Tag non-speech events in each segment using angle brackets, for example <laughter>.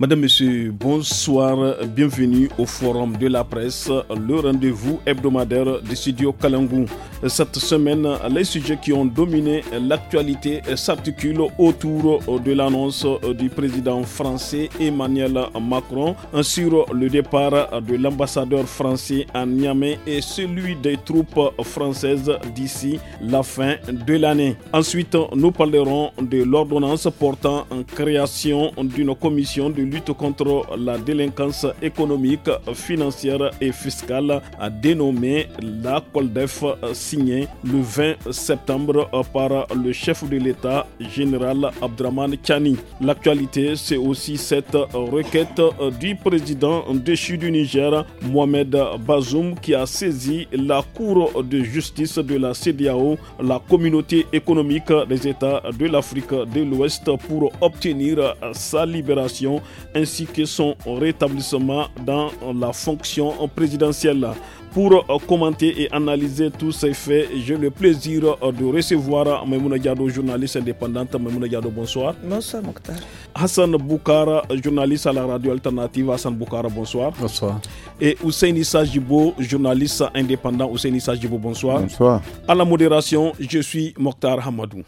Madame, Monsieur, bonsoir, bienvenue au Forum de la presse, le rendez-vous hebdomadaire des studios Kalangou. Cette semaine, les sujets qui ont dominé l'actualité s'articulent autour de l'annonce du président français Emmanuel Macron sur le départ de l'ambassadeur français à Niamey et celui des troupes françaises d'ici la fin de l'année. Ensuite, nous parlerons de l'ordonnance portant en création d'une commission de lutte contre la délinquance économique, financière et fiscale a dénommé la COLDEF signée le 20 septembre par le chef de l'État, général Abdraman Chani. L'actualité, c'est aussi cette requête du président déchu du Niger, Mohamed Bazoum, qui a saisi la Cour de justice de la CDAO, la communauté économique des États de l'Afrique de l'Ouest, pour obtenir sa libération ainsi que son rétablissement dans la fonction présidentielle. Pour commenter et analyser tous ces faits, j'ai le plaisir de recevoir Maimouna Diado, journaliste indépendante. Maimouna Diado, bonsoir. Bonsoir, Mokhtar. Hassan Boukara, journaliste à la radio alternative. Hassan Boukara, bonsoir. Bonsoir. Et Ousseini Sajibo, journaliste indépendant. Ousseini Sajibo, bonsoir. Bonsoir. À la modération, je suis Mokhtar Hamadou.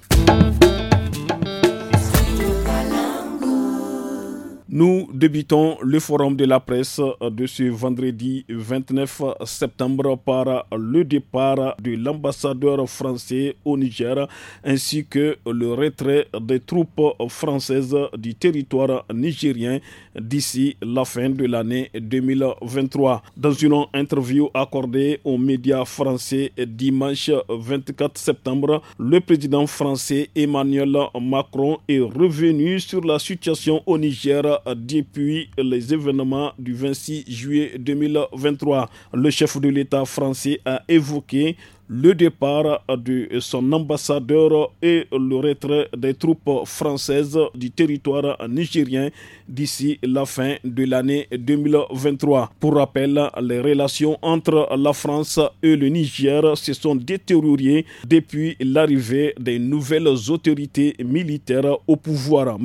Nous débutons le forum de la presse de ce vendredi 29 septembre par le départ de l'ambassadeur français au Niger ainsi que le retrait des troupes françaises du territoire nigérien d'ici la fin de l'année 2023. Dans une interview accordée aux médias français dimanche 24 septembre, le président français Emmanuel Macron est revenu sur la situation au Niger depuis les événements du 26 juillet 2023. Le chef de l'État français a évoqué le départ de son ambassadeur et le retrait des troupes françaises du territoire nigérien d'ici la fin de l'année 2023. Pour rappel, les relations entre la France et le Niger se sont détériorées depuis l'arrivée des nouvelles autorités militaires au pouvoir.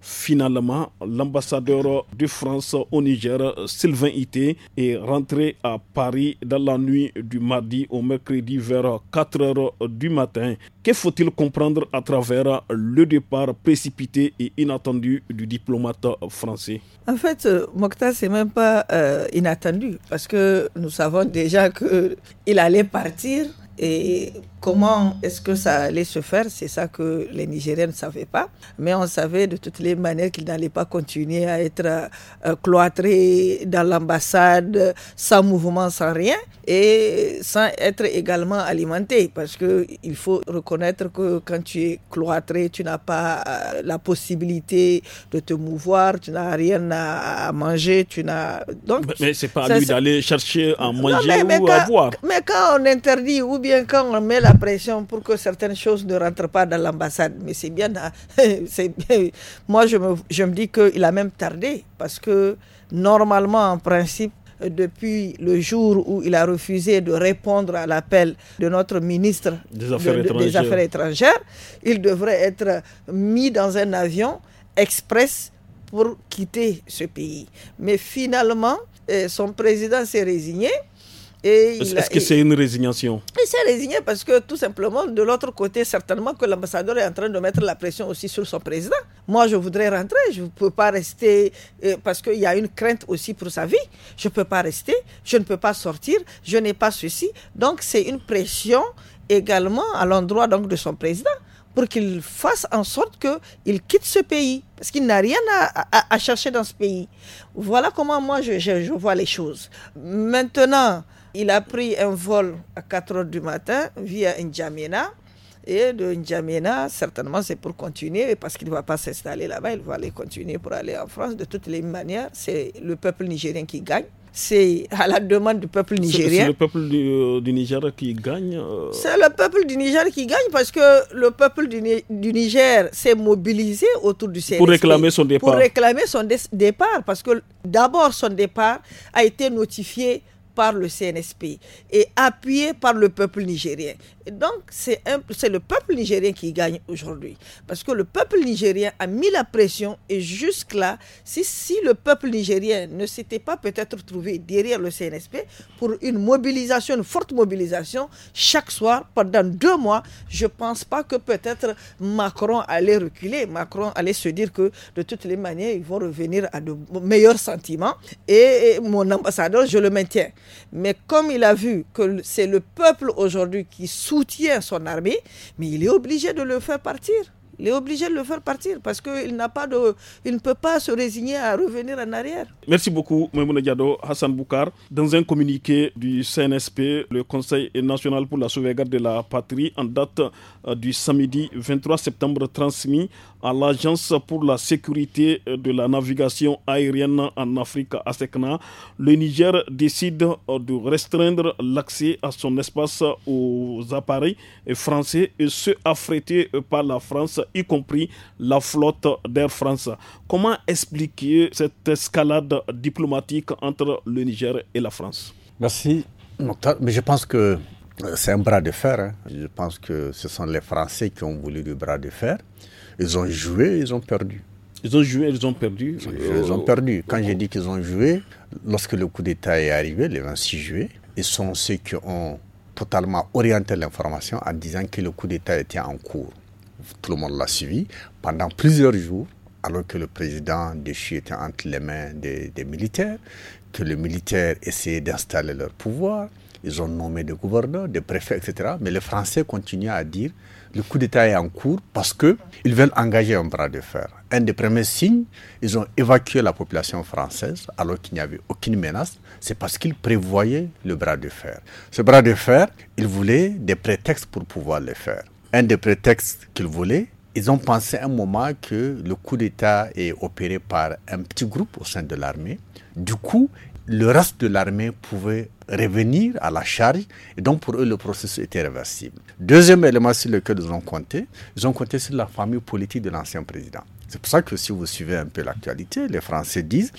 finalement, l'ambassadeur de France au Niger, Sylvain Ité, est rentré à Paris dans la nuit du mardi au mercredi vers 4 heures du matin. Que faut-il comprendre à travers le départ précipité et inattendu du diplomate français En fait, euh, Mokhtar, n'est même pas euh, inattendu parce que nous savons déjà qu'il allait partir et comment est-ce que ça allait se faire C'est ça que les Nigériens ne savaient pas. Mais on savait de toutes les manières qu'ils n'allaient pas continuer à être euh, cloîtrés dans l'ambassade, sans mouvement, sans rien, et sans être également alimentés. Parce qu'il faut reconnaître que quand tu es cloîtré, tu n'as pas euh, la possibilité de te mouvoir, tu n'as rien à manger, tu n'as... Donc, mais c'est pas à lui d'aller chercher à manger ou à boire. Mais quand on interdit ou bien quand on met la pression pour que certaines choses ne rentrent pas dans l'ambassade. Mais hein. <laughs> c'est bien, Moi, je me, je me dis qu'il a même tardé parce que normalement, en principe, depuis le jour où il a refusé de répondre à l'appel de notre ministre des Affaires étrangères, il devrait être mis dans un avion express pour quitter ce pays. Mais finalement, euh, son président s'est résigné. Est-ce que c'est une résignation Il s'est résigné parce que tout simplement, de l'autre côté, certainement que l'ambassadeur est en train de mettre la pression aussi sur son président. Moi, je voudrais rentrer, je ne peux pas rester euh, parce qu'il y a une crainte aussi pour sa vie. Je ne peux pas rester, je ne peux pas sortir, je n'ai pas ceci. Donc, c'est une pression également à l'endroit donc de son président pour qu'il fasse en sorte qu'il quitte ce pays, parce qu'il n'a rien à, chercher dans ce pays. Voilà comment moi je vois les choses. Maintenant, il a pris un vol à 4 heures du matin via N'Djamena. Et de N'Djamena, certainement, c'est pour continuer, parce qu'il ne va pas s'installer là-bas, il va aller continuer pour aller en France. De toutes les manières, c'est le peuple nigérien qui gagne c'est à la demande du peuple nigérien. C'est le peuple du, euh, Niger qui gagne. Euh. C'est le peuple du Niger qui gagne parce que le peuple du, Niger s'est mobilisé autour du CNSP. Pour réclamer son départ. Pour réclamer son départ parce que d'abord son départ a été notifié par le CNSP et appuyé par le peuple nigérien donc, c'est le peuple nigérien qui gagne aujourd'hui. Parce que le peuple nigérien a mis la pression et jusque-là, si, si le peuple nigérien ne s'était pas peut-être trouvé derrière le CNSP pour une mobilisation, une forte mobilisation, chaque soir, pendant deux mois, je ne pense pas que peut-être Macron allait reculer. Macron allait se dire que de toutes les manières, ils vont revenir à de meilleurs sentiments. Et, mon ambassadeur, je le maintiens. Mais comme il a vu que c'est le peuple aujourd'hui qui souffre soutient son armée, mais il est obligé de le faire partir. Il est obligé de le faire partir parce qu'il n'a pas de, il ne peut pas se résigner à revenir en arrière. Merci beaucoup, Mme Diado. Hassan Boukar. Dans un communiqué du CNSP, le Conseil national pour la sauvegarde de la patrie, en date euh, du samedi 23 septembre, transmis à l'Agence pour la sécurité de la navigation aérienne en Afrique, ASECNA, e le Niger décide euh, de restreindre l'accès à son espace aux appareils français et ceux affrétés par la France y compris la flotte d'Air France. Comment expliquer cette escalade diplomatique entre le Niger et la France Merci. Mais je pense que euh, c'est un bras de fer. Hein. Je pense que ce sont les Français qui ont voulu le bras de fer. Ils ont joué, ils ont perdu. Ils ont joué, ils ont perdu. Ils ont perdu. Quand j'ai dit qu'ils ont joué, lorsque le coup d'État est arrivé, le 26 juillet, ils sont ceux qui ont totalement orienté l'information en disant que le coup d'État était en cours tout le monde l'a suivi, pendant plusieurs jours, alors que le président déchu était entre les mains des, militaires, que les militaires essayaient d'installer leur pouvoir, ils ont nommé des gouverneurs, des préfets, etc. Mais les Français continuent à dire le coup d'État est en cours parce qu'ils veulent engager un bras de fer. Un des premiers signes, ils ont évacué la population française alors qu'il n'y avait aucune menace. C'est parce qu'ils prévoyaient le bras de fer. Ce bras de fer, ils voulaient des prétextes pour pouvoir le faire un des prétextes qu'ils voulaient, ils ont pensé un moment que le coup d'État est opéré par un petit groupe au sein de l'armée. Du coup, le reste de l'armée pouvait revenir à la charge et donc pour eux le processus était réversible. Deuxième élément sur lequel ils ont compté, ils ont compté sur la famille politique de l'ancien président. C'est pour ça que si vous suivez un peu l'actualité, les Français disent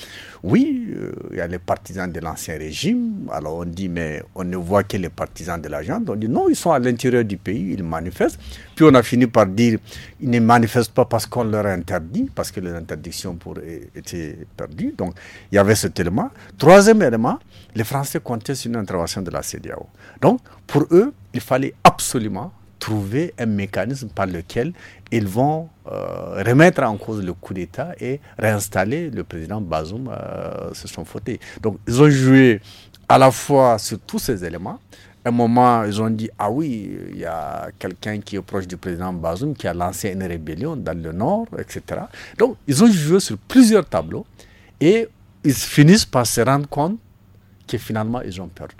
oui, euh, il y a les partisans de l'ancien régime. Alors on dit mais on ne voit que les partisans de la jambe. On dit non, ils sont à l'intérieur du pays, ils manifestent. Puis on a fini par dire ils ne manifestent pas parce qu'on leur interdit, parce que les interdictions pour, étaient perdues. Donc il y avait cet élément. Troisième élément, les Français comptaient sur une intervention de la CDAO. Donc pour eux, il fallait absolument trouver un mécanisme par lequel ils vont euh, remettre en cause le coup d'État et réinstaller le président Bazoum euh, sur son fauteuil. Donc ils ont joué à la fois sur tous ces éléments. À un moment, ils ont dit, ah oui, il y a quelqu'un qui est proche du président Bazoum qui a lancé une rébellion dans le nord, etc. Donc ils ont joué sur plusieurs tableaux et ils finissent par se rendre compte que finalement, ils ont perdu.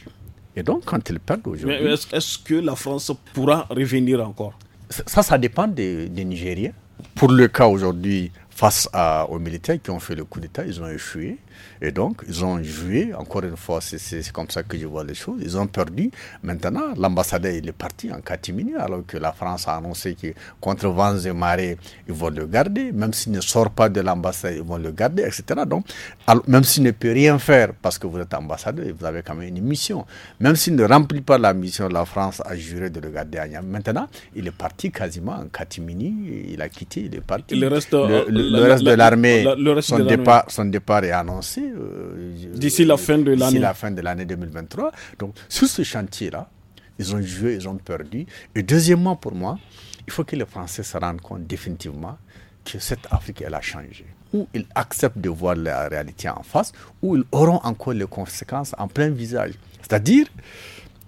Et donc, quand ils perdent aujourd'hui. est-ce que la France pourra revenir encore ça, ça, dépend des, des Nigériens. Pour le cas aujourd'hui, face aux militaires qui ont fait le coup d'État, ils ont échoué. Et donc, ils ont joué, encore une fois, c'est comme ça que je vois les choses, ils ont perdu. Maintenant, l'ambassadeur, il est parti en catimini, alors que la France a annoncé que contre vents et marées, ils vont le garder. Même s'il ne sort pas de l'ambassade, ils vont le garder, etc. Donc, même s'il ne peut rien faire, parce que vous êtes ambassadeur, vous avez quand même une mission. Même s'il ne remplit pas la mission, la France a juré de le garder à Maintenant, il est parti quasiment en catimini, il a quitté, il est parti. Il reste le reste de l'armée, son, départ, son départ est annoncé euh, d'ici la fin de l'année. D'ici la fin de l'année 2023. Donc, sur ce chantier-là, ils ont joué, ils ont perdu. Et deuxièmement, pour moi, il faut que les Français se rendent compte définitivement que cette Afrique, elle a changé. Ou ils acceptent de voir la réalité en face, ou ils auront encore les conséquences en plein visage. C'est-à-dire,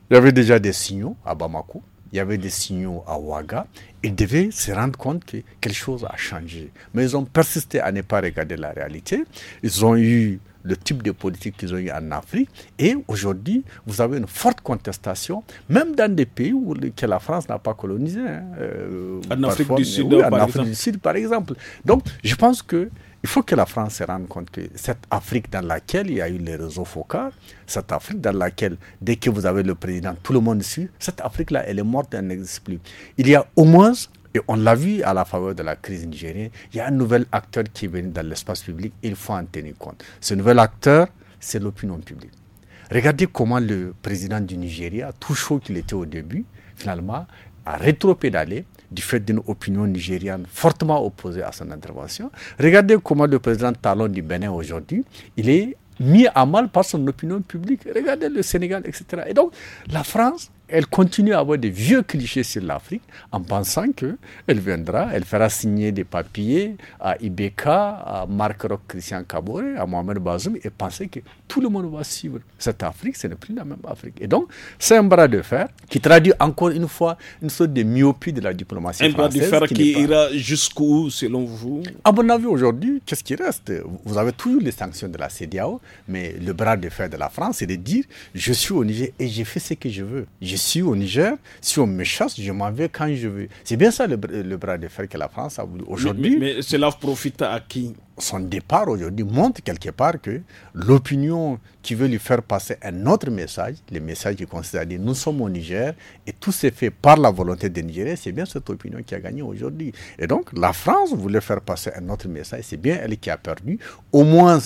il y avait déjà des signaux à Bamako, il y avait des signaux à Ouaga, ils devaient se rendre compte que quelque chose a changé. Mais ils ont persisté à ne pas regarder la réalité. Ils ont eu le type de politique qu'ils ont eu en Afrique. Et aujourd'hui, vous avez une forte contestation, même dans des pays où, que la France n'a pas colonisé. Hein, euh, en Afrique du Sud, par exemple. Donc, je pense que il faut que la France se rende compte que cette Afrique dans laquelle il y a eu les réseaux focaux, cette Afrique dans laquelle, dès que vous avez le président, tout le monde suit, cette Afrique-là, elle est morte, elle n'existe plus. Il y a au moins, et on l'a vu à la faveur de la crise nigérienne, il y a un nouvel acteur qui est venu dans l'espace public, il faut en tenir compte. Ce nouvel acteur, c'est l'opinion publique. Regardez comment le président du Nigeria, tout chaud qu'il était au début, finalement, a rétropédalé, du fait d'une opinion nigériane fortement opposée à son intervention. Regardez comment le président Talon du Bénin aujourd'hui, il est mis à mal par son opinion publique. Regardez le Sénégal, etc. Et donc, la France elle continue à avoir des vieux clichés sur l'Afrique en pensant qu'elle viendra, elle fera signer des papiers à Ibeka, à Marc Roch Christian Kabore, à Mohamed Bazoum et penser que tout le monde va suivre. Cette Afrique, ce n'est plus la même Afrique. Et donc, c'est un bras de fer qui traduit encore une fois une sorte de myopie de la diplomatie française. Un bras de fer qui, ira jusqu'où, selon vous À mon avis, aujourd'hui, qu'est-ce qui reste Vous avez toujours les sanctions de la CDAO, mais le bras de fer de la France, c'est de dire je suis au Niger et j'ai fait ce que je veux si au Niger, si on me chasse, je m'en vais quand je veux. C'est bien ça le, bras de fer que la France a voulu. Aujourd'hui, mais, cela profite à qui Son départ aujourd'hui montre quelque part que l'opinion qui veut lui faire passer un autre message, le message qui consiste à dire nous sommes au Niger et tout s'est fait par la volonté des Nigériens, c'est bien cette opinion qui a gagné aujourd'hui. Et donc la France voulait faire passer un autre message, c'est bien elle qui a perdu. Au moins,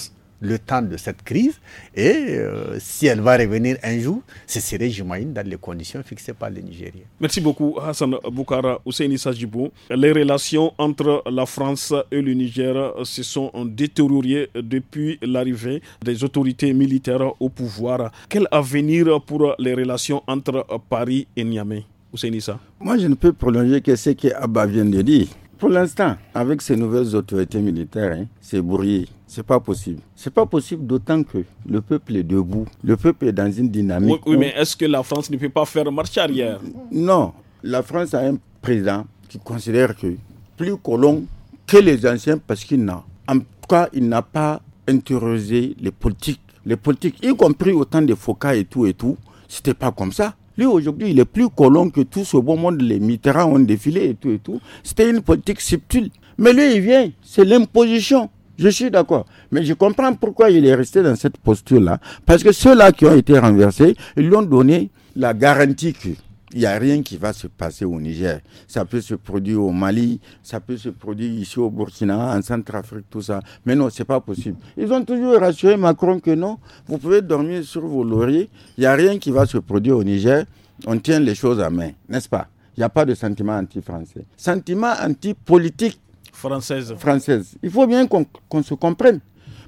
le temps de cette crise et euh, si elle va revenir un jour, ce serait, j'imagine, dans les conditions fixées par les Nigériens. Merci beaucoup Hassan Boukara Nissa Sajibou. Les relations entre la France et le Niger se sont détériorées depuis l'arrivée des autorités militaires au pouvoir. Quel avenir pour les relations entre Paris et Niamey Nissa Moi, je ne peux prolonger que ce que Abba vient de dire pour l'instant, avec ces nouvelles autorités militaires, hein, c'est bourrier. C'est pas possible. C'est pas possible d'autant que le peuple est debout. Le peuple est dans une dynamique. Oui, mais est-ce que la France ne peut pas faire marche arrière Non. La France a un président qui considère que plus colon que les anciens parce qu'il n'a. En tout il n'a pas interrogé les politiques. Les politiques, y compris autant de Focas et tout et tout, c'était pas comme ça. Lui, aujourd'hui, il est plus colon que tout ce beau monde. Les Mitterrand ont défilé et tout et tout. C'était une politique subtile. Mais lui, il vient, c'est l'imposition. Je suis d'accord. Mais je comprends pourquoi il est resté dans cette posture-là. Parce que ceux-là qui ont été renversés, ils lui ont donné la garantie que il n'y a rien qui va se passer au Niger. Ça peut se produire au Mali, ça peut se produire ici au Burkina, en Centrafrique, tout ça. Mais non, c'est pas possible. Ils ont toujours rassuré Macron que non, vous pouvez dormir sur vos lauriers, il n'y a rien qui va se produire au Niger. On tient les choses à main, n'est-ce pas Il n'y a pas de sentiment anti-français. Sentiment anti-politique. Française. Française. Il faut bien qu'on se comprenne.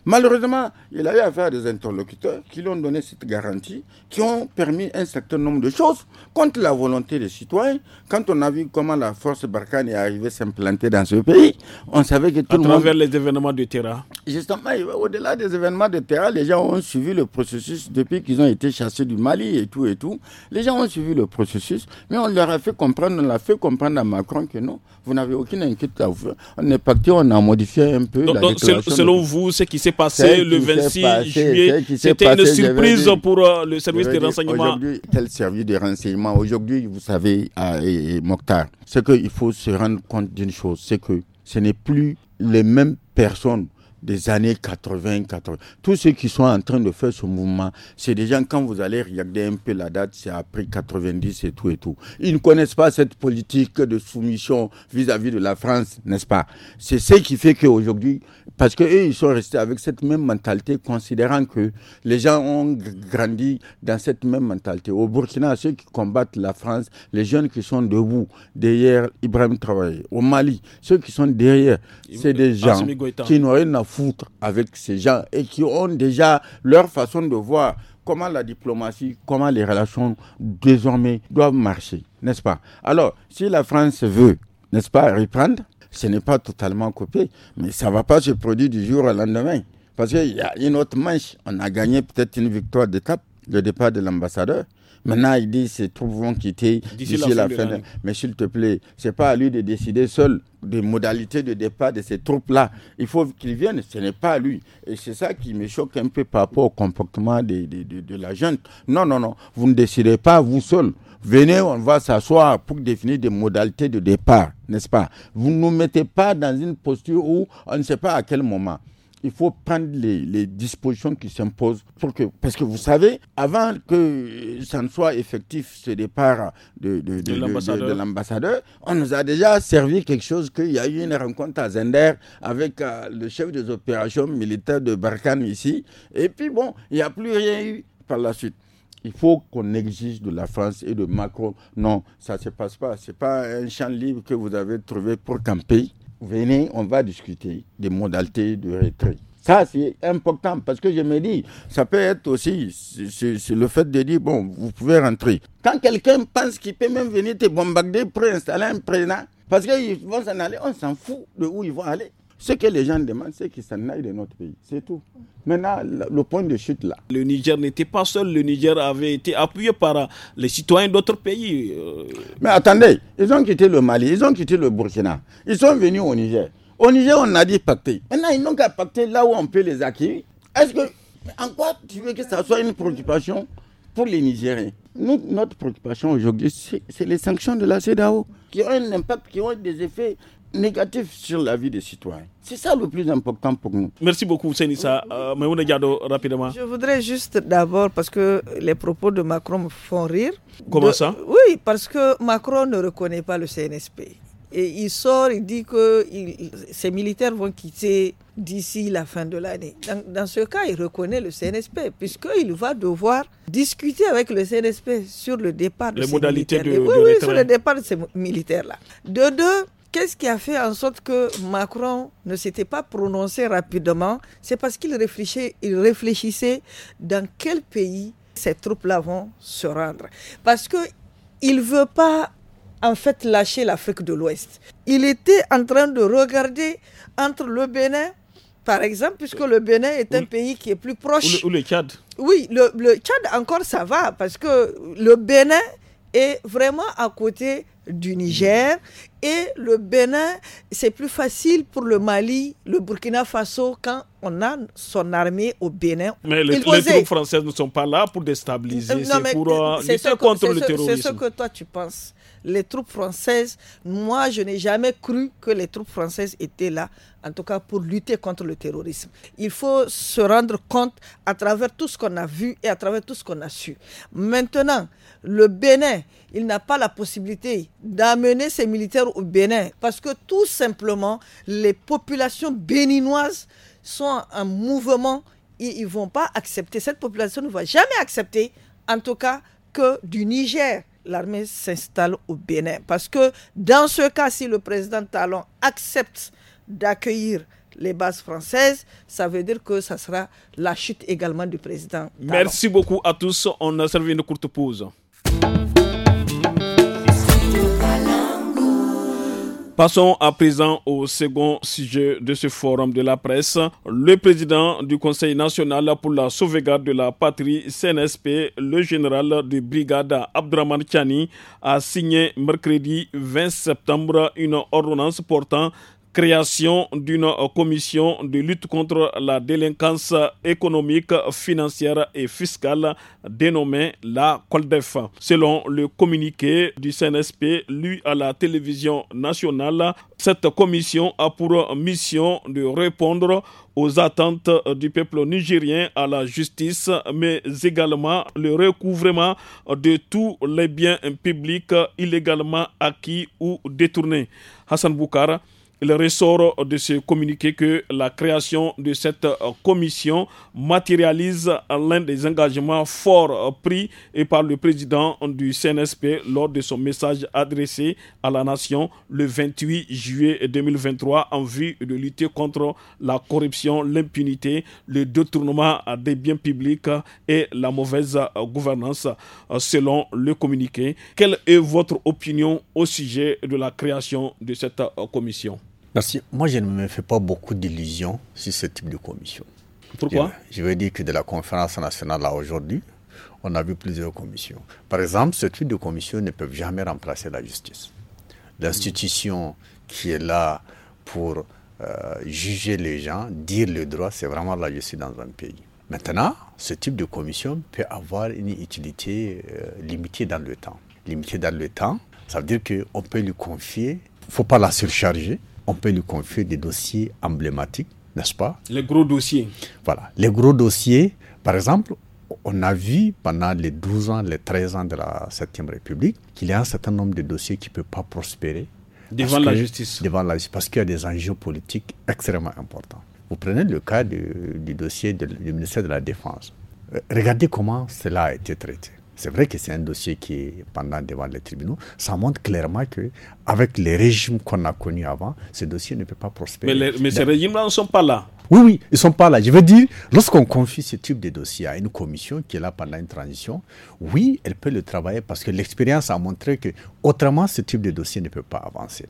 Malheureusement, il a eu affaire à des interlocuteurs qui lui ont donné cette garantie, qui ont permis un certain nombre de choses contre la volonté des citoyens. Quand on a vu comment la force Barkhane est arrivée s'implanter dans ce pays, on savait que tout à le monde... À travers les événements de terrain Justement, au-delà des événements de terrain les gens ont suivi le processus depuis qu'ils ont été chassés du Mali et tout et tout. Les gens ont suivi le processus, mais on leur a fait comprendre, on l'a fait comprendre à Macron que non, vous n'avez aucune inquiétude à vous. On est parti, on a modifié un peu donc, donc, Selon vous, ce qui s'est passé le 26 juillet. C'était une surprise pour euh, le service de renseignement. Quel service de renseignement Aujourd'hui, vous savez, euh, Mokhtar, c'est qu'il faut se rendre compte d'une chose, c'est que ce n'est plus les mêmes personnes des années 80, 80. Tous ceux qui sont en train de faire ce mouvement, c'est des gens, quand vous allez regarder un peu la date, c'est après 90 et tout et tout. Ils ne connaissent pas cette politique de soumission vis-à-vis -vis de la France, n'est-ce pas C'est ce qui fait qu'aujourd'hui, parce qu'eux, ils sont restés avec cette même mentalité, considérant que les gens ont grandi dans cette même mentalité. Au Burkina, ceux qui combattent la France, les jeunes qui sont debout derrière Ibrahim Traoré. Au Mali, ceux qui sont derrière, c'est des euh, gens qui n'ont rien à foutre avec ces gens et qui ont déjà leur façon de voir comment la diplomatie, comment les relations désormais doivent marcher, n'est-ce pas Alors, si la France veut, n'est-ce pas, reprendre, ce n'est pas totalement coupé, mais ça ne va pas se produire du jour au lendemain. Parce qu'il y a une autre manche. On a gagné peut-être une victoire d'étape, le départ de l'ambassadeur. Maintenant, il dit ces troupes vont quitter d'ici la, fin. De... Mais s'il te plaît, ce n'est pas à lui de décider seul des modalités de départ de ces troupes-là. Il faut qu'ils viennent, ce n'est pas à lui. Et c'est ça qui me choque un peu par rapport au comportement de, de, de, la jeune. Non, non, non, vous ne décidez pas vous seul. Venez, on va s'asseoir pour définir des modalités de départ, n'est-ce pas Vous ne nous mettez pas dans une posture où on ne sait pas à quel moment il faut prendre les, dispositions qui s'imposent pour que, parce que vous savez, avant que ça ne soit effectif ce départ de, de, l'ambassadeur, on nous a déjà servi quelque chose qu'il y a eu une rencontre à Zender avec euh, le chef des opérations militaires de Barkhane ici. Et puis bon, il n'y a plus rien eu par la suite il faut qu'on exige de la France et de Macron. Non, ça ne se passe pas. Ce n'est pas un champ libre que vous avez trouvé pour camper venez, on va discuter des modalités de retrait. Ça, c'est important parce que je me dis, ça peut être aussi le fait de dire, bon, vous pouvez rentrer. Quand quelqu'un pense qu'il peut même venir te bombarder pour installer un président, parce qu'ils vont s'en aller, on s'en fout de où ils vont aller. Ce que les gens demandent, c'est qu'ils s'en aillent de notre pays. C'est tout. Maintenant, le point de chute là. Le Niger n'était pas seul. Le Niger avait été appuyé par euh, les citoyens d'autres pays. Euh. Mais attendez, ils ont quitté le Mali, ils ont quitté le Burkina. Ils sont venus au Niger. Au Niger, on a dit pacter. Maintenant, ils n'ont qu'à pacté là où on peut les acquérir. Est-ce que. En quoi tu veux que ça soit une préoccupation pour les Nigériens Nous, notre préoccupation aujourd'hui, c'est les sanctions de la CEDAO qui ont un impact, qui ont des effets négatif sur la vie des citoyens. C'est ça le plus important pour nous. Merci beaucoup, Senissa. Euh, on on Diado, rapidement. Je voudrais juste d'abord, parce que les propos de Macron me font rire. Comment ça Oui, parce que Macron ne reconnaît pas le CNSP. Et il sort, il dit que ses militaires vont quitter d'ici la fin de l'année. Dans, ce cas, il reconnaît le CNSP, puisqu'il va devoir discuter avec le CNSP sur le départ de les modalités militaires. De, oui, oui, sur le départ de ces militaires-là. De deux, qu'est-ce qui a fait en sorte que Macron ne s'était pas prononcé rapidement C'est parce qu'il réfléchissait, dans quel pays ces troupes-là vont se rendre. Parce qu'il ne veut pas en fait lâcher l'Afrique de l'Ouest. Il était en train de regarder entre le Bénin, par exemple, puisque le Bénin est un pays qui est plus proche. Ou le, Tchad. Oui, le, le, Tchad encore ça va, parce que le Bénin est vraiment à côté du Niger mm. Et le Bénin, c'est plus facile pour le Mali, le Burkina Faso, quand on a son armée au Bénin. Mais les, troupes françaises ne sont pas là pour déstabiliser, c'est pour euh, lutter contre le terrorisme. C'est ce que toi tu penses. Les troupes françaises, moi je n'ai jamais cru que les troupes françaises étaient là, en tout cas pour lutter contre le terrorisme. Il faut se rendre compte à travers tout ce qu'on a vu et à travers tout ce qu'on a su. Maintenant, le Bénin, il n'a pas la possibilité d'amener ses militaires au Bénin. Parce que tout simplement, les populations béninoises sont en mouvement. Ils ne vont pas accepter, cette population ne va jamais accepter, en tout cas, que du Niger, l'armée s'installe au Bénin. Parce que dans ce cas, si le président Talon accepte d'accueillir les bases françaises, ça veut dire que ça sera la chute également du président. Merci beaucoup à tous. On a servi une courte pause. Passons à présent au second sujet de ce forum de la presse. Le président du Conseil national pour la sauvegarde de la patrie, CNSP, le général de brigade Abdraman Chani, a signé mercredi 20 septembre une ordonnance portant création d'une commission de lutte contre la délinquance économique, financière et fiscale dénommée la COLDEF. Selon le communiqué du CNSP lu à la télévision nationale, cette commission a pour mission de répondre aux attentes du peuple nigérien à la justice, mais également le recouvrement de tous les biens publics illégalement acquis ou détournés. Hassan Boukara, il ressort de ce communiqué que la création de cette euh, commission matérialise l'un des engagements forts euh, pris et par le président du CNSP lors de son message adressé à la nation le 28 juillet 2023 en vue de lutter contre la corruption, l'impunité, le détournement des biens publics et la mauvaise euh, gouvernance selon le communiqué. Quelle est votre opinion au sujet de la création de cette commission Merci. Moi, je ne me fais pas beaucoup d'illusions sur ce type de commission. Pourquoi je, veux dire que de la conférence nationale à aujourd'hui, on a vu plusieurs commissions. Par exemple, ce type de commission ne peut jamais remplacer la justice. L'institution qui est là pour euh, juger les gens, dire le droit, c'est vraiment la justice dans un pays. Maintenant, ce type de commission peut avoir une utilité euh, limitée dans le temps. Limitée dans le temps, ça veut dire qu'on peut lui confier, il ne faut pas la surcharger, on peut lui confier des dossiers emblématiques, n'est-ce pas Les gros dossiers. Voilà. Les gros dossiers, par exemple, on a vu pendant les 12 ans, les 13 ans de la Septième e République qu'il y a un certain nombre de dossiers qui ne peuvent pas prospérer. Devant la justice. Devant la justice, parce qu'il y a des enjeux politiques extrêmement importants. Vous prenez le cas du, dossier du ministère de la Défense. Euh, regardez comment cela a été traité. C'est vrai que c'est un dossier qui est pendant devant les tribunaux. Ça montre clairement que, avec les régimes qu'on a connus avant, ce dossier ne peut pas prospérer. Mais, ces régimes-là ne sont pas là. Oui, oui, ils ne sont pas là. Je veux dire, lorsqu'on confie ce type de dossier à une commission qui est là pendant une transition, oui, elle peut le travailler parce que l'expérience a montré que, autrement, ce type de dossier ne peut pas avancer.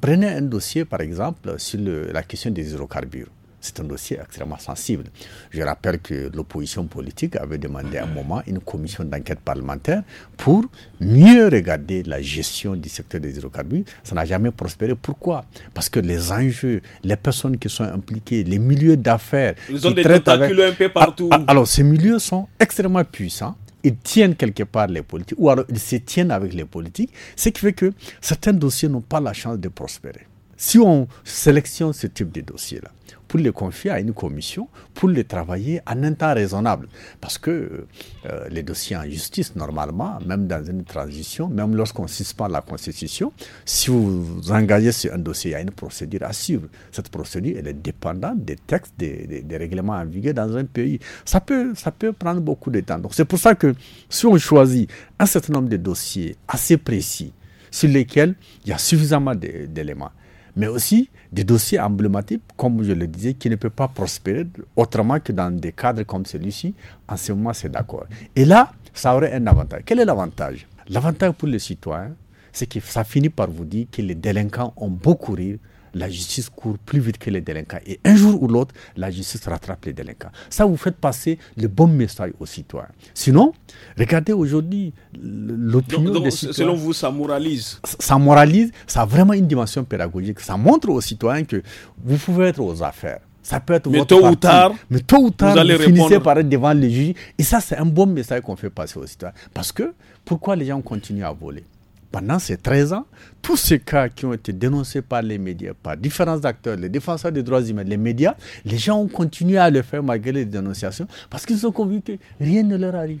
Prenez un dossier, par exemple, sur la question des hydrocarbures. C'est un dossier extrêmement sensible. Je rappelle que l'opposition politique avait demandé à un moment une commission d'enquête parlementaire pour mieux regarder la gestion du secteur des hydrocarbures. Ça n'a jamais prospéré. Pourquoi Parce que les enjeux, les personnes qui sont impliquées, les milieux d'affaires. Ils ont des tentacules un peu ah, partout. Ah, alors, ces milieux sont extrêmement puissants ils tiennent quelque part les politiques, ou alors ils se tiennent avec les politiques, ce qui fait que certains dossiers n'ont pas la chance de prospérer. Si on sélectionne ce type de dossier-là, pour les confier à une commission, pour les travailler en un temps raisonnable. Parce que euh, les dossiers en justice, normalement, même dans une transition, même lorsqu'on suspend la Constitution, si vous engagez sur un dossier, il y a une procédure à suivre. Cette procédure, elle est dépendante des textes, des, règlements en vigueur dans un pays. Ça peut, ça peut prendre beaucoup de temps. Donc c'est pour ça que si on choisit un certain nombre de dossiers assez précis, sur lesquels il y a suffisamment d'éléments, mais aussi des dossiers emblématiques, comme je le disais, qui ne peuvent pas prospérer autrement que dans des cadres comme celui-ci. En ce moment, c'est d'accord. Et là, ça aurait un avantage. Quel est l'avantage L'avantage pour les citoyens, c'est que ça finit par vous dire que les délinquants ont beaucoup rire la justice court plus vite que les délinquants. Et un jour ou l'autre, la justice rattrape les délinquants. Ça, vous faites passer le bon message aux citoyens. Sinon, regardez aujourd'hui l'opinion Selon vous, ça moralise Ça moralise, ça a vraiment une dimension pédagogique. Ça montre aux citoyens que vous pouvez être aux affaires. Ça peut être mais votre tôt ou tard, mais tôt ou tard, vous, allez par être devant les juges. Et ça, c'est un bon message qu'on fait passer aux citoyens. Parce que pourquoi les gens continuent à voler pendant ces 13 ans, tous ces cas qui ont été dénoncés par les médias, par différents acteurs, les défenseurs des droits humains, les médias, les gens ont continué à le faire malgré les dénonciations parce qu'ils sont convaincus que rien ne leur arrive.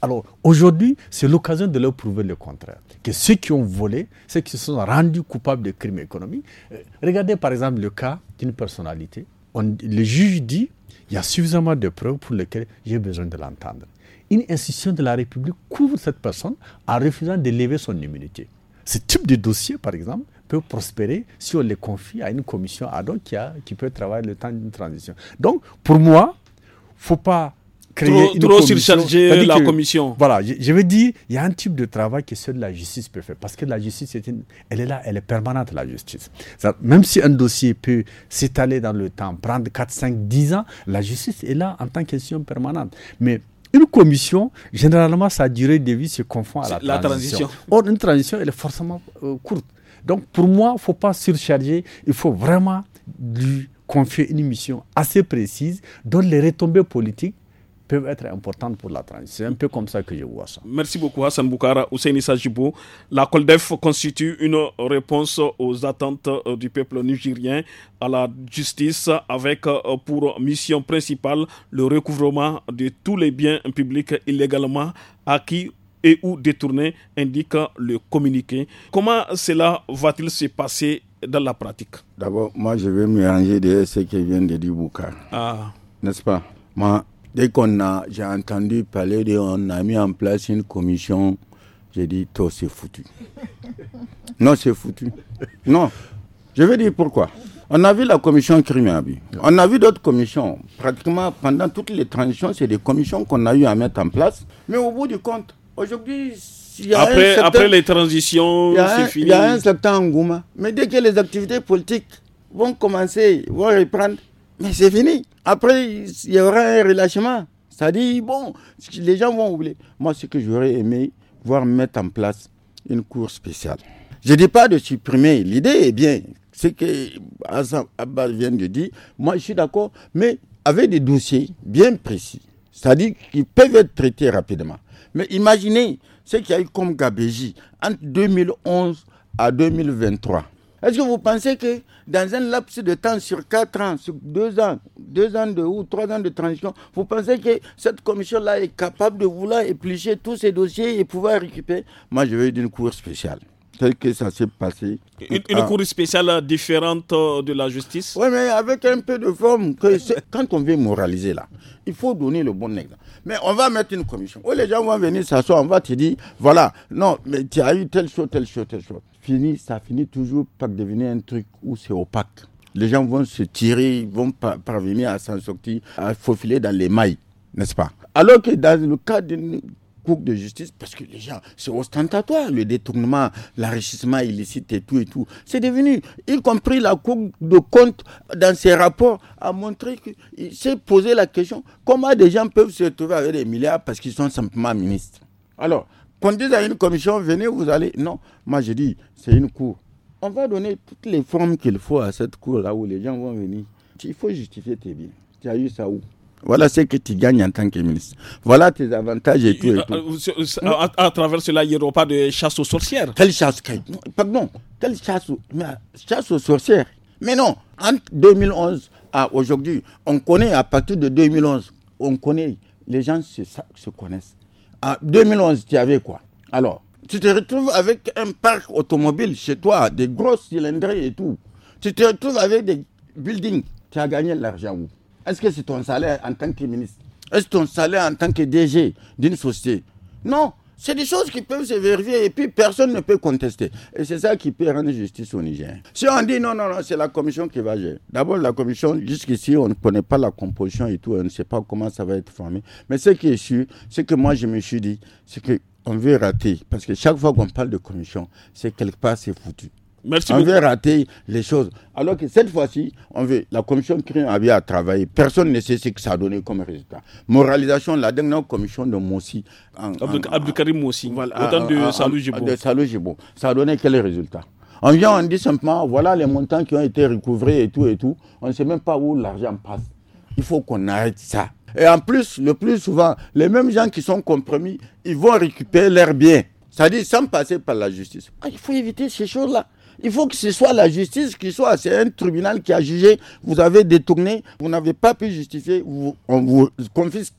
Alors aujourd'hui, c'est l'occasion de leur prouver le contraire. Que ceux qui ont volé, ceux qui se sont rendus coupables de crimes économiques, euh, regardez par exemple le cas d'une personnalité. le juge dit, il y a suffisamment de preuves pour lesquelles j'ai besoin de l'entendre une institution de la République couvre cette personne en refusant de lever son immunité. Ce type de dossier, par exemple, peut prospérer si on les confie à une commission ad hoc qui, peut travailler le temps d'une transition. Donc, pour moi, faut pas créer trop, une trop surcharger la commission. Voilà, je, veux dire, il y a un type de travail que seule la justice peut faire. Parce que la justice, elle est là, elle est permanente, la justice. Même si un dossier peut s'étaler dans le temps, prendre 4, 5, 10 ans, la justice est là en tant qu'institution permanente. Mais une commission, généralement, sa durée de vie se confond à la, transition. Or, une transition, elle est forcément euh, courte. Donc, pour moi, il ne faut pas surcharger. Il faut vraiment lui confier une mission assez précise dont les retombées politiques peuvent être importantes pour la transition. C'est un peu comme ça que je vois ça. Merci beaucoup Hassan Boukara, Ousseini Sajibou. La COLDEF constitue une réponse aux attentes euh, du peuple nigérien à la justice avec euh, pour mission principale le recouvrement de tous les biens publics illégalement acquis et ou détournés, indique le communiqué. Comment cela va-t-il se passer dans la pratique D'abord, moi, je vais me ranger de ce que vient de dire Boukara. Ah. N'est-ce pas Moi, Dès qu'on a, j'ai entendu parler de, on a mis en place une commission, j'ai dit, toi, c'est foutu. non, c'est foutu. Non. Je vais dire pourquoi. On a vu la commission Crimeabi. On a vu d'autres commissions. Pratiquement, pendant toutes les transitions, c'est des commissions qu'on a eu à mettre en place. Mais au bout du compte, aujourd'hui, après, après les transitions, c'est fini. Il y a un certain engouement. Mais dès que les activités politiques vont commencer, vont reprendre, mais c'est fini. Après, il y aura un relâchement. C'est-à-dire, bon, les gens vont oublier. Moi, ce que j'aurais aimé, voir mettre en place une cour spéciale. Je ne dis pas de supprimer. L'idée est eh bien. Ce que Azam Abba vient de dire, moi, je suis d'accord, mais avec des dossiers bien précis. C'est-à-dire qu'ils peuvent être traités rapidement. Mais imaginez ce qu'il y a eu comme Gabéji entre 2011 à 2023. Est-ce que vous pensez que dans un laps de temps sur 4 ans, sur 2 ans, 2 ans de, ou 3 ans de transition, vous pensez que cette commission-là est capable de vouloir éplucher tous ces dossiers et pouvoir récupérer Moi, je veux une cour spéciale C'est que ça s'est passé. Une, ah. cour spéciale différente euh, de la justice Oui, mais avec un peu de forme. Eh, quand on veut moraliser là, il faut donner le bon exemple. Mais on va mettre une commission. Où oh, les gens vont venir s'asseoir, on va te dire, voilà, non, mais tu as eu telle chose, telle chose, telle chose ça finit toujours par devenir un truc où c'est opaque. Les gens vont se tirer, vont parvenir à s'en sortir, à faufiler dans les mailles, n'est-ce pas Alors que dans le cas d'une cour de justice, parce que les gens, c'est ostentatoire, le détournement, l'enrichissement illicite et tout et tout. C'est devenu, y compris la cour de compte, dans ses rapports, a montré qu'il s'est posé la question comment des gens peuvent se retrouver avec des milliards parce qu'ils sont simplement ministres. Alors, qu'on dise à une commission, venez, vous allez. Non, moi je dis, c'est une cour. On va donner toutes les formes qu'il faut à cette cour-là où les gens vont venir. Il faut justifier tes biens. Tu as eu ça où voilà ce que tu gagnes en tant que ministre. Voilà tes avantages et tout. Euh, euh, euh, à, travers cela, il n'y aura pas de chasse aux sorcières. Quelle chasse Pardon, quelle chasse, aux, chasse aux sorcières Mais non, entre 2011 à aujourd'hui, on connaît à partir de 2011, on connaît, les gens se connaissent. En 2011, tu avais quoi Alors, tu te retrouves avec un parc automobile chez toi, des grosses cylindrées et tout. Tu te retrouves avec des buildings. Tu as gagné l'argent où Est-ce que c'est ton salaire en tant que ministre Est-ce ton salaire en tant que DG d'une société Non. C'est des choses qui peuvent se vérifier et puis personne ne peut contester. Et c'est ça qui peut rendre justice au Niger. Si on dit non, non, non, c'est la commission qui va gérer. D'abord, la commission, jusqu'ici, on ne connaît pas la composition et tout, on ne sait pas comment ça va être formé. Mais ce qui est sûr, ce que moi je me suis dit, c'est qu'on veut rater. Parce que chaque fois qu'on parle de commission, c'est quelque part, c'est foutu on veut rater les choses. Alors que cette fois-ci, on veut, la commission crée avait à travailler. Personne ne sait ce que ça a donné comme résultat. Moralisation, la dernière commission de Moussi. Abdoukarim Moussi, autant Ça a donné quel résultat On vient, on dit simplement, voilà les montants qui ont été recouvrés et tout et tout. On ne sait même pas où l'argent passe. Il faut qu'on arrête ça. Et en plus, le plus souvent, les mêmes gens qui sont compromis, ils vont récupérer leurs biens. C'est-à-dire sans passer par la justice. Ah, il faut éviter ces choses-là. Il faut que ce soit la justice qui soit. C'est un tribunal qui a jugé, vous avez détourné, vous n'avez pas pu justifier, on vous confisque.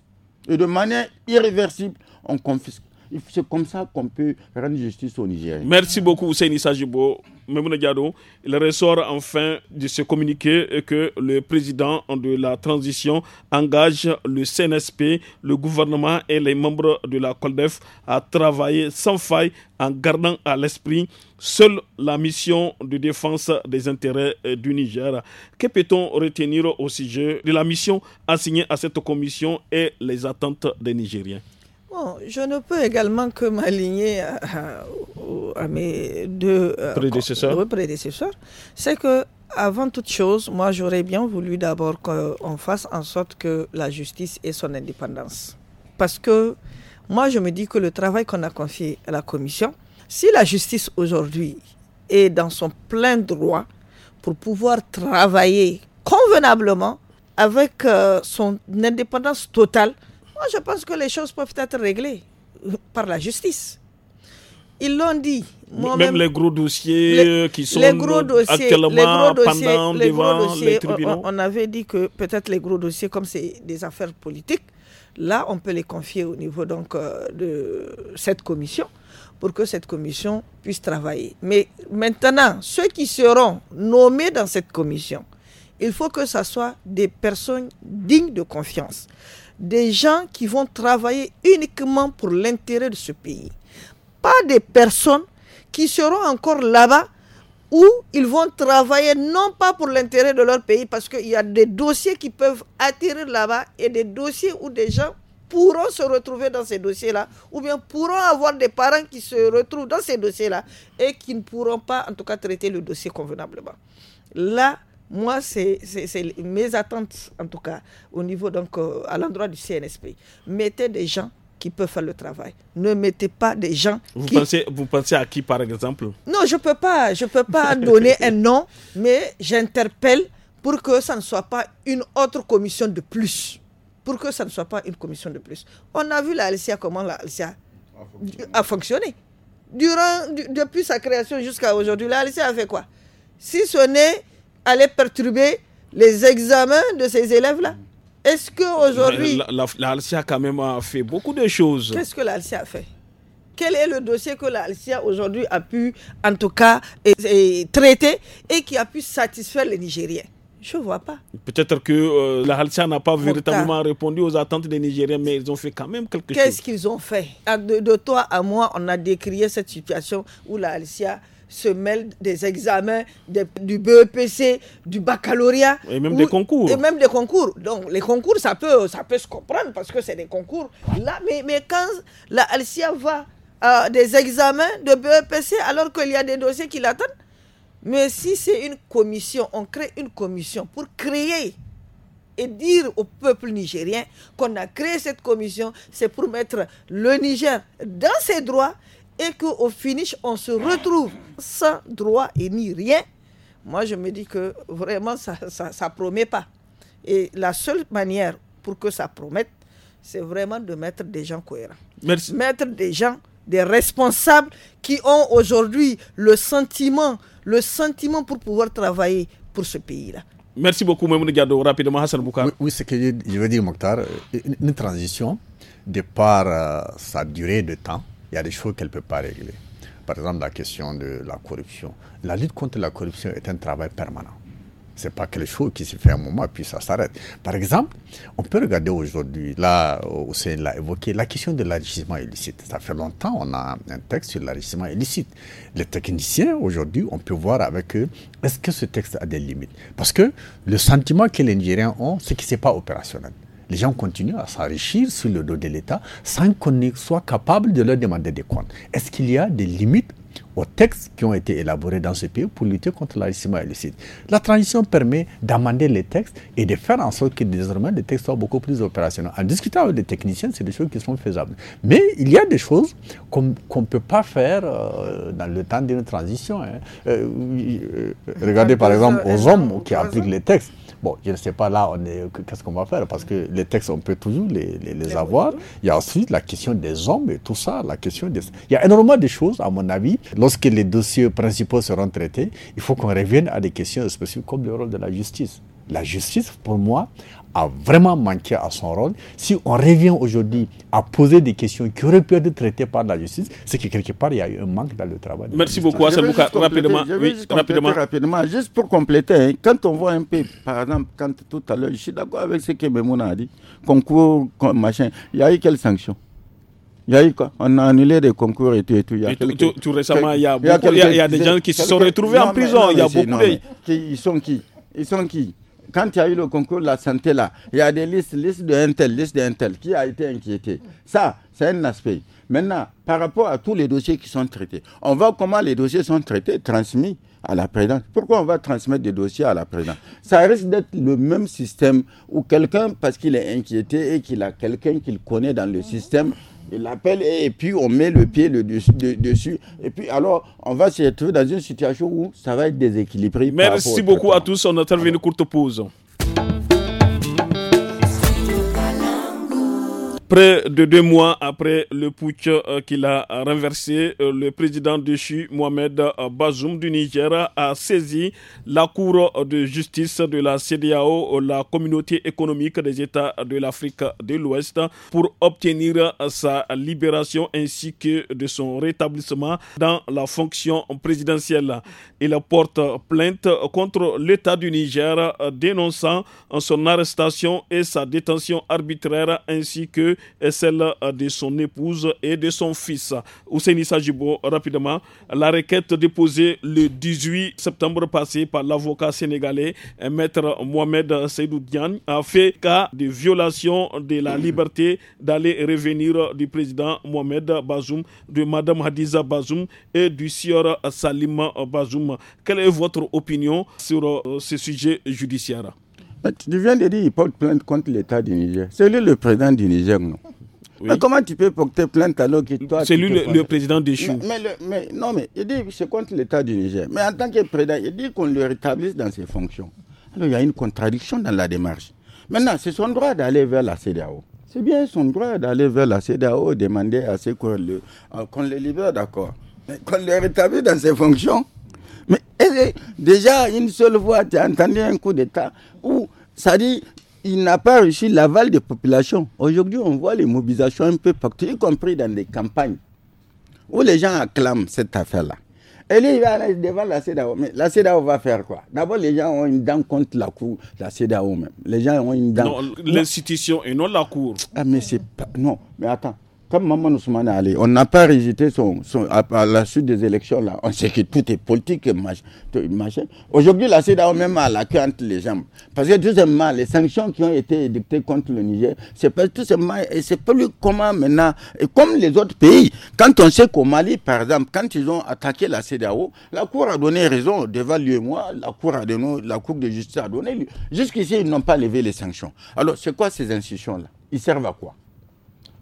Et de manière irréversible, on confisque. C'est comme ça qu'on peut rendre justice au Niger. Merci beaucoup, Ousseini Sajibo. Memouna Diado, il ressort enfin de ce communiqué que le président de la transition engage le CNSP, le gouvernement et les membres de la COLDEF à travailler sans faille en gardant à l'esprit seule la mission de défense des intérêts du Niger. Que peut-on retenir au sujet de la mission assignée à cette commission et les attentes des Nigériens Bon, je ne peux également que m'aligner à, mes deux euh, euh, prédécesseurs. C'est que, avant toute chose, moi, j'aurais bien voulu d'abord qu'on fasse en sorte que la justice ait son indépendance. Parce que moi, je me dis que le travail qu'on a confié à la commission, si la justice aujourd'hui est dans son plein droit pour pouvoir travailler convenablement avec euh, son indépendance totale, je pense que les choses peuvent être réglées par la justice. Ils l'ont dit. même, les gros dossiers qui sont actuellement les devant les tribunaux. On, avait dit que peut-être les gros dossiers, comme c'est des affaires politiques, là, on peut les confier au niveau donc, euh, de cette commission pour que cette commission puisse travailler. Mais maintenant, ceux qui seront nommés dans cette commission, il faut que ce soit des personnes dignes de confiance des gens qui vont travailler uniquement pour l'intérêt de ce pays. Pas des personnes qui seront encore là-bas où ils vont travailler non pas pour l'intérêt de leur pays, parce qu'il y a des dossiers qui peuvent attirer là-bas et des dossiers où des gens pourront se retrouver dans ces dossiers-là, ou bien pourront avoir des parents qui se retrouvent dans ces dossiers-là et qui ne pourront pas, en tout cas, traiter le dossier convenablement. Là, moi, c'est mes attentes, en tout cas, au niveau, donc, euh, à l'endroit du CNSP. Mettez des gens qui peuvent faire le travail. Ne mettez pas des gens vous Pensez, vous pensez à qui, par exemple Non, je ne peux pas, je peux pas <laughs> donner un nom, mais j'interpelle pour que ça ne soit pas une autre commission de plus. Pour que ça ne soit pas une commission de plus. On a vu la LCA, comment la LCA a fonctionné. Durant, depuis sa création jusqu'à aujourd'hui, la LCA a fait quoi Si ce n'est Allait perturber les examens de ces élèves-là Est-ce qu'aujourd'hui... aujourd'hui la, a quand même a fait beaucoup de choses. Qu'est-ce que l'Alcia a fait quel est le dossier que la Alcia aujourd'hui a pu, en tout cas, traiter et qui a pu satisfaire les Nigériens je ne vois pas. Peut-être que euh, la Halcia n'a pas véritablement répondu aux attentes des Nigériens, mais ils ont fait quand même quelque chose. Qu'est-ce qu'ils ont fait ah, de, de, toi à moi, on a décrié cette situation où la Halcia se mêlent des examens du BEPC, du baccalauréat. Et même des concours. Et même des concours. Donc, les concours, ça peut, ça peut se comprendre parce que c'est des concours. Là, mais, mais quand la Alcia va à euh, des examens de BEPC alors qu'il y a des dossiers qui l'attendent, mais si c'est une commission, on crée une commission pour créer et dire au peuple nigérien qu'on a créé cette commission, c'est pour mettre le Niger dans ses droits, et qu'au finish, on se retrouve sans droit et ni rien, moi je me dis que vraiment, ça ne promet pas. Et la seule manière pour que ça promette, c'est vraiment de mettre des gens cohérents. Merci. Mettre des gens, des responsables qui ont aujourd'hui le sentiment, le sentiment pour pouvoir travailler pour ce pays-là. Merci beaucoup, Mme Gado. Rapidement, Hassan Boukar. Oui, ce que je, veux dire, Mokhtar, une, transition, de par euh, sa durée de temps, il y a des choses qu'elle ne peut pas régler. Par exemple, la question de la corruption. La lutte contre la corruption est un travail permanent. Ce n'est pas quelque chose qui se fait un moment et puis ça s'arrête. Par exemple, on peut regarder aujourd'hui, là, Hussein l'a évoqué, la question de l'enrichissement illicite. Ça fait longtemps on a un texte sur l'enrichissement illicite. Les techniciens, aujourd'hui, on peut voir avec eux, est-ce que ce texte a des limites Parce que le sentiment que les Nigériens ont, c'est que ce n'est pas opérationnel. Les gens continuent à s'enrichir sur le dos de l'État sans qu'on soit capable de leur demander des comptes. Est-ce qu'il y a des limites aux textes qui ont été élaborés dans ce pays pour lutter contre l'enrichissement illicite. La transition permet d'amender les textes et de faire en sorte que désormais les textes soient beaucoup plus opérationnels. En discutant avec des techniciens, c'est des choses qui sont faisables. Mais il y a des choses qu'on ne peut pas faire euh, dans le temps d'une transition. Hein. Euh, euh, regardez par exemple aux hommes qui appliquent les textes. Bon, je ne sais pas là, qu'est-ce qu'on va faire Parce que les textes, on peut toujours les, les, avoir. Il y a ensuite la question des hommes et tout ça, la question Il y a énormément de choses, à mon avis. Lorsque les dossiers principaux seront traités, il faut qu'on revienne à des questions spécifiques comme le rôle de la justice. La justice, pour moi, a vraiment manqué à son rôle. Si on revient aujourd'hui à poser des questions qui auraient pu être traitées par la justice, c'est que quelque part, il y a eu un manque dans le travail. Merci beaucoup, Assembouka. Rapidement, rapidement. Juste pour compléter, hein, quand on voit un peu, par exemple, quand tout à l'heure, je suis d'accord avec ce que Memouna a dit, concours, machin, il y a eu quelles sanctions il y a eu quoi On a annulé des concours et tout et tout. a récemment, il y a, il des gens qui se sont retrouvés en prison. il y a beaucoup Qui, ils sont qui Ils sont qui quand il y a eu le concours de la santé là, il y a des listes, listes de tel, listes d'un tel, qui a été inquiété. Ça, c'est un aspect. Maintenant, par rapport à tous les dossiers qui sont traités, on voit comment les dossiers sont traités, transmis à la présidente. Pourquoi on va transmettre des dossiers à la présidente Ça risque d'être le même système où quelqu'un, parce qu'il est inquiété et qu'il a quelqu'un qu'il connaît dans le système, l'appel et, et puis on met le pied dessus, Et puis alors, on va se retrouver dans une situation où ça va être déséquilibré. Merci beaucoup à tous. On intervient une courte pause. Près de deux mois après le putsch euh, qu'il a renversé, euh, le président déchu Mohamed euh, Bazoum du Niger a saisi la Cour de justice de la CDAO, la communauté économique des États de l'Afrique de l'Ouest, pour obtenir sa libération ainsi que de son rétablissement dans la fonction présidentielle. Il porte plainte contre l'État du Niger dénonçant son arrestation et sa détention arbitraire ainsi que est celle euh, de son épouse et de son fils. Ousseini Sajibo, rapidement, la requête déposée le 18 septembre passé par l'avocat sénégalais euh, Maître Mohamed Seydou Diagne a fait cas de violation de la liberté d'aller revenir du président Mohamed Bazoum, de Madame Hadiza Bazoum et du sieur Salim Bazoum. Quelle est votre opinion sur euh, ce sujet judiciaire bah, tu viens de dire qu'il porte plainte contre l'État du Niger. C'est lui le président du Niger, non Mais comment tu peux porter plainte alors que toi. C'est lui le, président des Choux. Mais, le, non, mais il dit que c'est contre l'État du Niger. Mais en tant que président, il dit qu'on le rétablisse dans ses fonctions. Alors il y a une contradiction dans la démarche. Maintenant, c'est son droit d'aller vers la CDAO. C'est bien son droit d'aller vers la CDAO, demander à ce qu'on le, euh, le libère, d'accord. Mais qu'on le rétablisse dans ses fonctions. Mais déjà, une seule voix tu as entendu un coup d'État où ça dit, il n'a pas réussi l'aval des populations. Aujourd'hui, on voit les mobilisations un peu partout, y compris dans les campagnes, où les gens acclament cette affaire-là. Et lui, il va aller devant la CEDAO. Mais la CEDAO va faire quoi D'abord, les gens ont une dent contre la Cour, la CEDAO même. Les gens ont une dent. Non, l'institution et non la Cour. Ah, mais c'est pas. Non, mais attends comme Maman Ousmane Ali, on n'a pas résisté son, à, la suite des élections. Là. On sait que tout est politique. Machin. Aujourd'hui, la CEDAO même a la queue entre les jambes. Parce que tout simplement, les sanctions qui ont été édictées contre le Niger, c'est pas tout simplement, et c'est plus comment maintenant, et comme les autres pays. Quand on sait qu'au Mali, par exemple, quand ils ont attaqué la CEDAO, la Cour a donné raison devant lui et moi, la Cour, a donné, la cour de justice a donné. Jusqu'ici, ils n'ont pas levé les sanctions. Alors, c'est quoi ces institutions-là Ils servent à quoi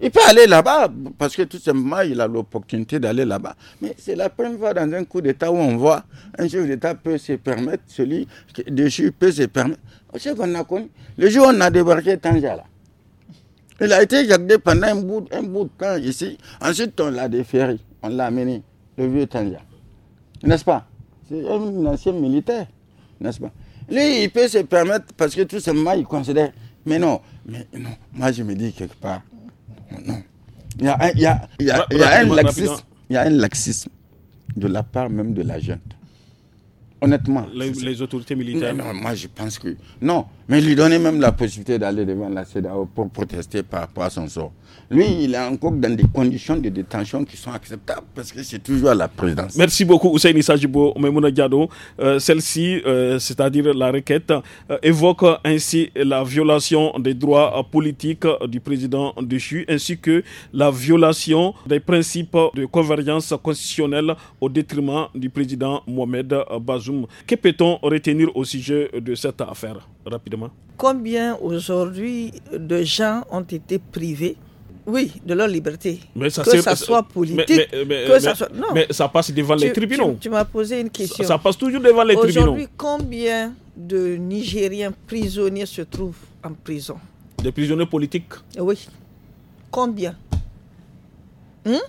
il peut aller là-bas parce que tout simplement, il a l'opportunité d'aller là-bas. Mais c'est la première fois dans un coup d'État où on voit un chef d'État peut se permettre, celui juge peut se permettre. savez qu'on a connu. Le jour où on a débarqué Tanja là, il a été gardé pendant un bout, un bout de temps ici. Ensuite, on l'a déféré, on l'a amené, le vieux Tanja. N'est-ce pas C'est un ancien militaire, n'est-ce pas Lui, il peut se permettre parce que tout simplement, il considère, mais non, mais non, moi je me dis quelque part, non. Il y a un, y a, un laxisme. de la part même de la jeune. Honnêtement. Les, autorités militaires. non, moi je pense que. Non, mais lui donner même la possibilité d'aller devant la CEDAO pour protester par rapport à son sort. Lui, il est encore dans des conditions de détention qui sont acceptables parce que c'est toujours la présidence. Merci beaucoup, Hussein Issajibo Memouna Diado. Euh, celle-ci, euh, c'est-à-dire la requête, euh, évoque ainsi la violation des droits politiques du président Duchu ainsi que la violation des principes de convergence constitutionnelle au détriment du président Mohamed Bazoum. Que peut-on retenir au sujet de cette affaire? rapidement Combien aujourd'hui de gens ont été privés oui, de leur liberté. Mais que ça soit politique, mais, que ça passe devant les tribunaux. Tu, m'as posé une question. Ça, passe toujours devant les tribunaux. Aujourd'hui, combien de Nigériens prisonniers se trouvent en prison Des prisonniers politiques Oui. Combien hein?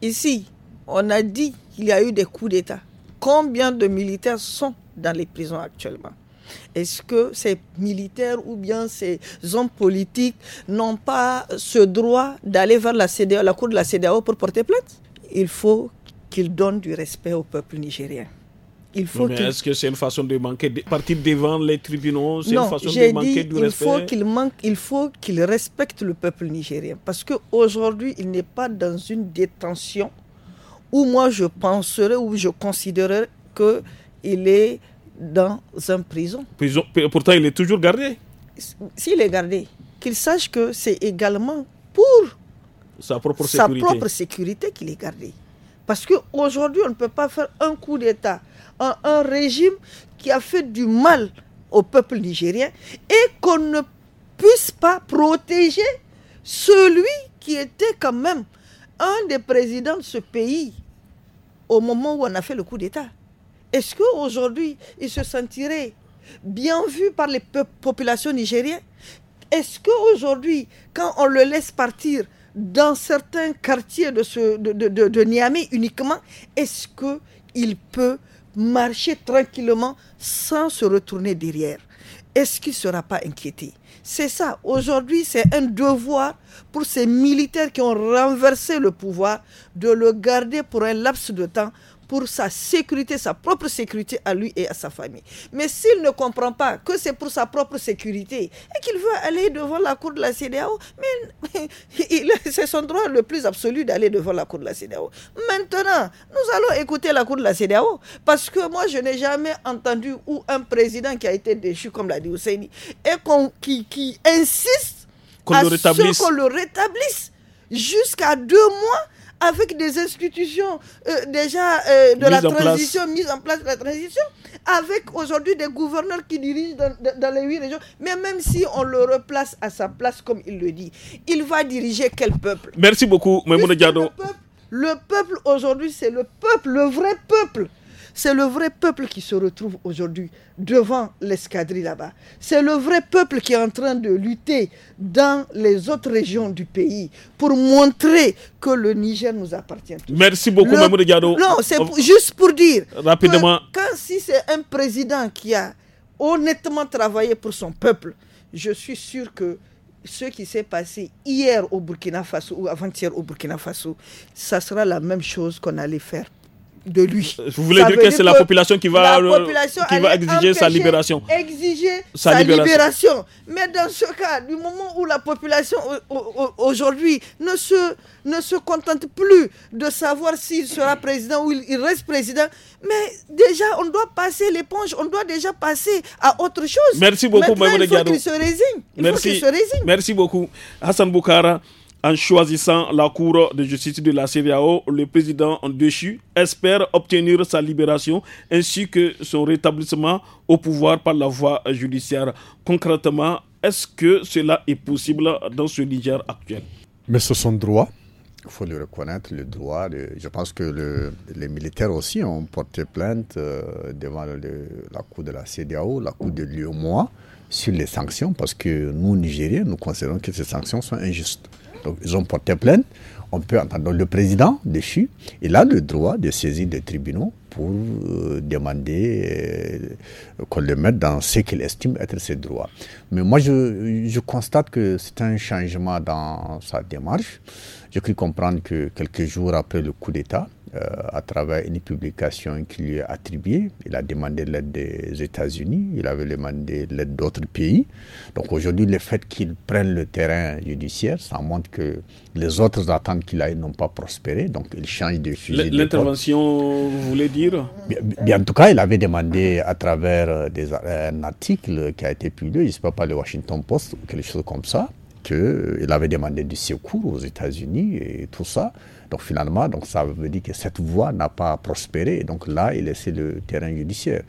Ici, on a dit qu'il y a eu des coups d'État. Combien de militaires sont dans les prisons actuellement est-ce que ces militaires ou bien ces hommes politiques n'ont pas ce droit d'aller vers la CDAO, la cour de la CDAO pour porter plainte Il faut qu'ils donnent du respect au peuple nigérien. Il faut est-ce que c'est une façon de manquer de partir devant les tribunaux C'est une façon de manquer du il respect. Faut qu'il manque, il faut qu'il respecte le peuple nigérien parce qu'aujourd'hui, il n'est pas dans une détention où moi je penserais ou je considérerais que il est dans un prison. Pourtant, il est toujours gardé. S'il est gardé, qu'il sache que c'est également pour sa propre sécurité, qu'il est gardé. Parce qu'aujourd'hui, on ne peut pas faire un coup d'État, un, régime qui a fait du mal au peuple nigérien et qu'on ne puisse pas protéger celui qui était quand même un des présidents de ce pays au moment où on a fait le coup d'État. Est-ce qu'aujourd'hui, il se sentirait bien vu par les populations nigériennes Est-ce qu'aujourd'hui, quand on le laisse partir dans certains quartiers de, Niamey uniquement, est-ce qu'il peut marcher tranquillement sans se retourner derrière Est-ce qu'il ne sera pas inquiété C'est ça. Aujourd'hui, c'est un devoir pour ces militaires qui ont renversé le pouvoir de le garder pour un laps de temps pour sa sécurité, sa propre sécurité à lui et à sa famille. Mais s'il ne comprend pas que c'est pour sa propre sécurité et qu'il veut aller devant la cour de la CDAO, mais <laughs> c'est son droit le plus absolu d'aller devant la cour de la CDAO. Maintenant, nous allons écouter la cour de la CDAO parce que moi, je n'ai jamais entendu où un président qui a été déchu, comme l'a dit Ousseini, et qu qui, qui, insiste qu'on le rétablisse jusqu'à deux mois avec des institutions euh, déjà euh, de la transition, mise en place de la transition, avec aujourd'hui des gouverneurs qui dirigent dans, les huit régions. Mais même si on le replace à sa place, comme il le dit, il va diriger quel peuple Merci beaucoup, Maimouna Diado. Le peuple aujourd'hui, c'est le peuple, le vrai peuple c'est le vrai peuple qui se retrouve aujourd'hui devant l'escadrille là-bas. C'est le vrai peuple qui est en train de lutter dans les autres régions du pays pour montrer que le Niger nous appartient Merci beaucoup, Mamoud Non, c'est juste pour dire. Rapidement. Que quand si c'est un président qui a honnêtement travaillé pour son peuple, je suis sûr que ce qui s'est passé hier au Burkina Faso ou avant-hier au Burkina Faso, ça sera la même chose qu'on allait faire de lui. Vous voulez dire, que c'est la population qui va, qui va exiger sa libération Exiger sa, libération. Mais dans ce cas, du moment où la population aujourd'hui ne se, ne se contente plus de savoir s'il sera président ou il reste président, mais déjà, on doit passer l'éponge, on doit déjà passer à autre chose. Merci beaucoup, Mme Il faut qu'il se résigne. Merci. Merci beaucoup. Hassan Boukara. En choisissant la Cour de justice de la CDAO, le président déchu espère obtenir sa libération ainsi que son rétablissement au pouvoir par la voie judiciaire. Concrètement, est-ce que cela est possible dans ce Niger actuel Mais ce sont droits il faut le reconnaître, le droit. je pense que les militaires aussi ont porté plainte euh, devant la Cour de la CDAO, la Cour de l'UOMOA, sur les sanctions, parce que nous, Nigériens, nous considérons que ces sanctions sont injustes. Donc ils ont porté plainte. On peut entendre le président déchu. Il a le droit de saisir des tribunaux pour euh, demander euh, qu'on le mette dans ce qu'il estime être ses droits. Mais moi, je, constate que c'est un changement dans sa démarche. Je cru comprendre que quelques jours après le coup d'État, euh, à travers une publication qui lui est attribuée. Il a demandé l'aide des États-Unis, il avait demandé l'aide d'autres pays. Donc aujourd'hui, le fait qu'il prenne le terrain judiciaire, ça montre que les autres attentes qu'il a n'ont pas prospéré. Donc il change de sujet. L'intervention, vous voulez dire bien, En tout cas, il avait demandé à travers euh, des, euh, un article qui a été publié, je ne sais pas, par le Washington Post ou quelque chose comme ça, euh, il avait demandé du secours aux États-Unis et tout ça. Donc finalement, donc ça veut dire que cette voie n'a pas prospéré. Donc là, il laissait le terrain judiciaire.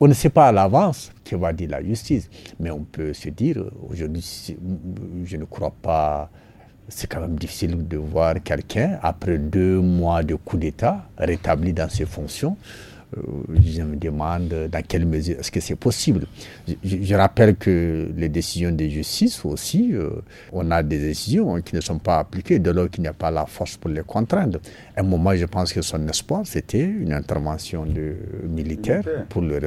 On ne sait pas à l'avance que va dire la justice, mais on peut se dire, euh, aujourd'hui, je ne crois pas, c'est quand même difficile de voir quelqu'un, après deux mois de coup d'État, rétabli dans ses fonctions, euh, je me demande dans quelle mesure est-ce que c'est possible. Je, rappelle que les décisions de justice aussi, euh, on a des décisions hein, qui ne sont pas appliquées de lors qu'il n'y a pas la force pour les contraindre. À un moment, je pense que son espoir, c'était une intervention de, militaire pour le,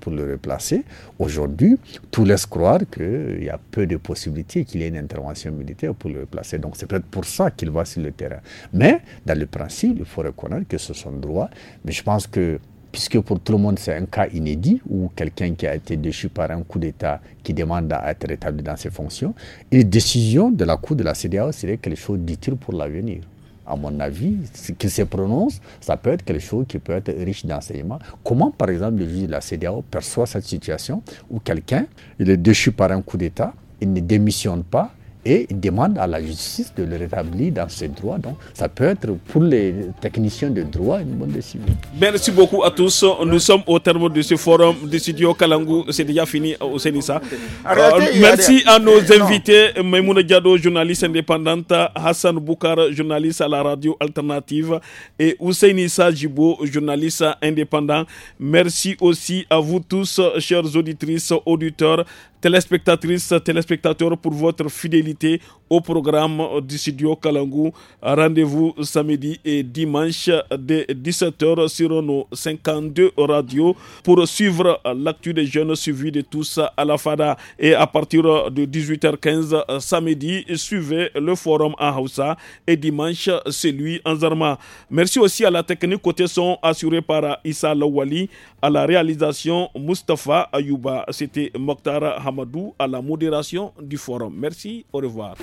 pour le replacer. Aujourd'hui, tout laisse croire qu'il euh, y a peu de possibilités qu'il y ait une intervention militaire pour le replacer. Donc c'est peut-être pour ça qu'il va sur le terrain. Mais dans le principe, il faut reconnaître que ce sont droits. Mais je pense que puisque pour tout le monde c'est un cas inédit où quelqu'un qui a été déchu par un coup d'État qui demande à être rétabli dans ses fonctions. Et décision de la Cour de la CDAO serait quelque chose d'utile pour l'avenir. À mon avis, ce qu'il se prononce, ça peut être quelque chose qui peut être riche d'enseignement. Comment, par exemple, le juge de la CDAO perçoit cette situation où quelqu'un, est déchu par un coup d'État, il ne démissionne pas, et il demande à la justice de le rétablir dans ses droits. Donc, ça peut être pour les techniciens de droit une bonne décision. Merci beaucoup à tous. Nous sommes au terme de ce forum de studio Kalangu. C'est déjà fini euh, au Sénissa. Euh, merci à nos invités, Maimouna Diado, journaliste indépendante, Hassan Boukar, journaliste à la radio alternative, et Ousseinissa Jibo, journaliste indépendant. Merci aussi à vous tous, chers auditrices, auditeurs téléspectatrices, téléspectateurs, pour votre fidélité au programme du studio Kalangou. Rendez-vous samedi et dimanche dès 17h sur nos 52 radios pour suivre l'actu des jeunes suivis de tous à la FADA. Et à partir de 18h15 samedi, suivez le forum à Hausa et dimanche, celui en Zarma. Merci aussi à la technique côté son assurée par Issa Lawali, à la réalisation Mustapha Ayuba. C'était Mokhtar Hamad à la modération du forum. Merci, au revoir.